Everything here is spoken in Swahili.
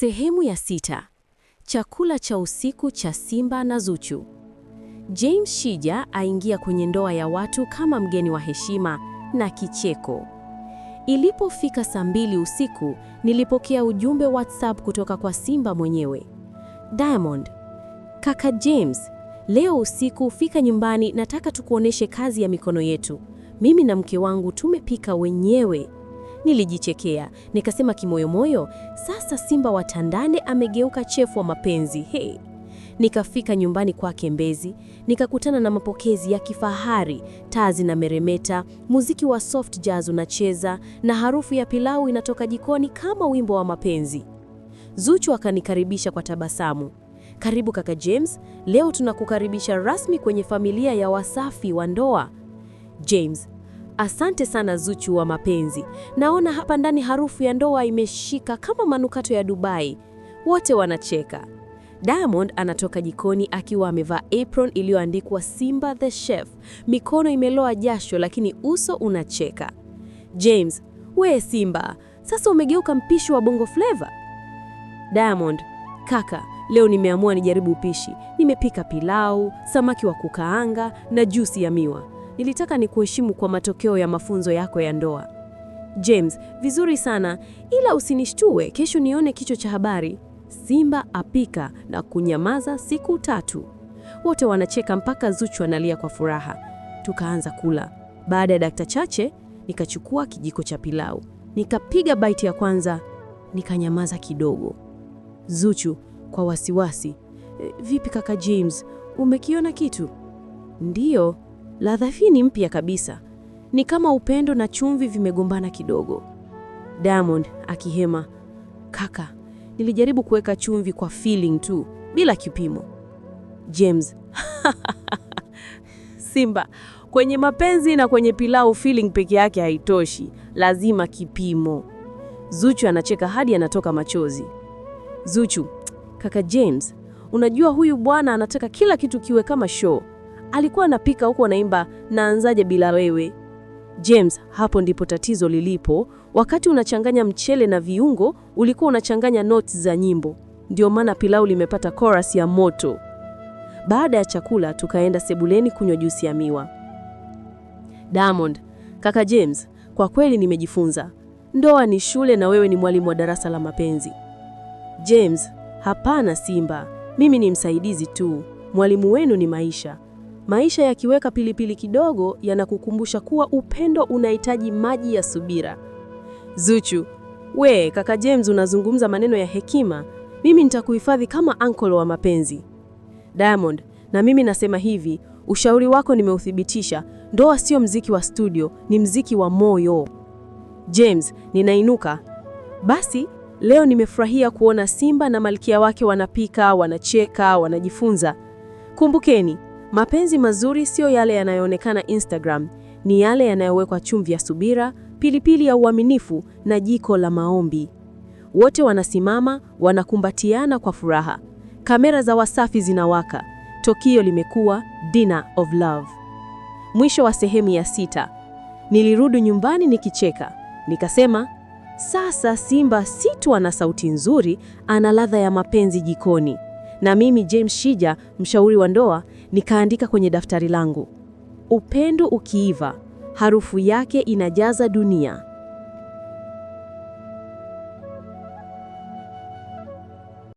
Sehemu ya sita: chakula cha usiku cha Simba na Zuchu. James Shija aingia kwenye ndoa ya watu kama mgeni wa heshima na kicheko. Ilipofika saa mbili usiku, nilipokea ujumbe WhatsApp kutoka kwa Simba mwenyewe. Diamond: kaka James, leo usiku fika nyumbani, nataka tukuoneshe kazi ya mikono yetu. Mimi na mke wangu tumepika wenyewe. Nilijichekea nikasema kimoyomoyo, sasa simba wa Tandale amegeuka chefu wa mapenzi. he Nikafika nyumbani kwake Mbezi, nikakutana na mapokezi ya kifahari, taa zinameremeta, muziki wa soft jazz unacheza na harufu ya pilau inatoka jikoni kama wimbo wa mapenzi. Zuchu akanikaribisha kwa tabasamu. Karibu kaka James, leo tunakukaribisha rasmi kwenye familia ya Wasafi wa ndoa. James, Asante sana Zuchu wa mapenzi, naona hapa ndani harufu ya ndoa imeshika kama manukato ya Dubai. Wote wanacheka. Diamond anatoka jikoni akiwa amevaa apron iliyoandikwa Simba the Chef, mikono imeloa jasho lakini uso unacheka. James, we Simba, sasa umegeuka mpishi wa Bongo fleva Diamond, kaka, leo nimeamua nijaribu upishi. Nimepika pilau, samaki wa kukaanga na juisi ya miwa nilitaka nikuheshimu kwa matokeo ya mafunzo yako ya ndoa. James, vizuri sana, ila usinishtue kesho nione kichwa cha habari, Simba apika na kunyamaza siku tatu. Wote wanacheka mpaka Zuchu analia kwa furaha. Tukaanza kula. Baada ya dakika chache, nikachukua kijiko cha pilau, nikapiga baiti ya kwanza, nikanyamaza kidogo. Zuchu kwa wasiwasi, eh, vipi kaka James, umekiona kitu? Ndiyo, Ladha hii ni mpya kabisa, ni kama upendo na chumvi vimegombana kidogo. Diamond akihema, kaka, nilijaribu kuweka chumvi kwa feeling tu bila kipimo. James Simba, kwenye mapenzi na kwenye pilau feeling peke yake haitoshi, lazima kipimo. Zuchu anacheka hadi anatoka machozi. Zuchu, kaka James, unajua huyu bwana anataka kila kitu kiwe kama show. Alikuwa anapika huku anaimba naanzaje bila wewe. James, hapo ndipo tatizo lilipo. Wakati unachanganya mchele na viungo, ulikuwa unachanganya notes za nyimbo. Ndio maana pilau limepata chorus ya moto. Baada ya chakula, tukaenda sebuleni kunywa juisi ya miwa. Diamond, kaka James, kwa kweli nimejifunza ndoa ni shule na wewe ni mwalimu wa darasa la mapenzi. James, hapana Simba, mimi ni msaidizi tu, mwalimu wenu ni maisha. Maisha yakiweka pilipili kidogo, yanakukumbusha kuwa upendo unahitaji maji ya subira. Zuchu: we kaka James, unazungumza maneno ya hekima, mimi nitakuhifadhi kama uncle wa mapenzi. Diamond: na mimi nasema hivi, ushauri wako nimeuthibitisha, ndoa sio mziki wa studio, ni mziki wa moyo. James: ninainuka basi. Leo nimefurahia kuona Simba na Malkia wake wanapika, wanacheka, wanajifunza. Kumbukeni, Mapenzi mazuri siyo yale yanayoonekana Instagram, ni yale yanayowekwa chumvi ya subira, pilipili ya uaminifu na jiko la maombi. Wote wanasimama, wanakumbatiana kwa furaha. Kamera za Wasafi zinawaka. Tokio limekuwa Dinner of Love. Mwisho wa sehemu ya sita. Nilirudi nyumbani nikicheka. Nikasema, sasa Simba si tu ana sauti nzuri, ana ladha ya mapenzi jikoni na mimi James Shija, mshauri wa ndoa, nikaandika kwenye daftari langu: upendo ukiiva, harufu yake inajaza dunia.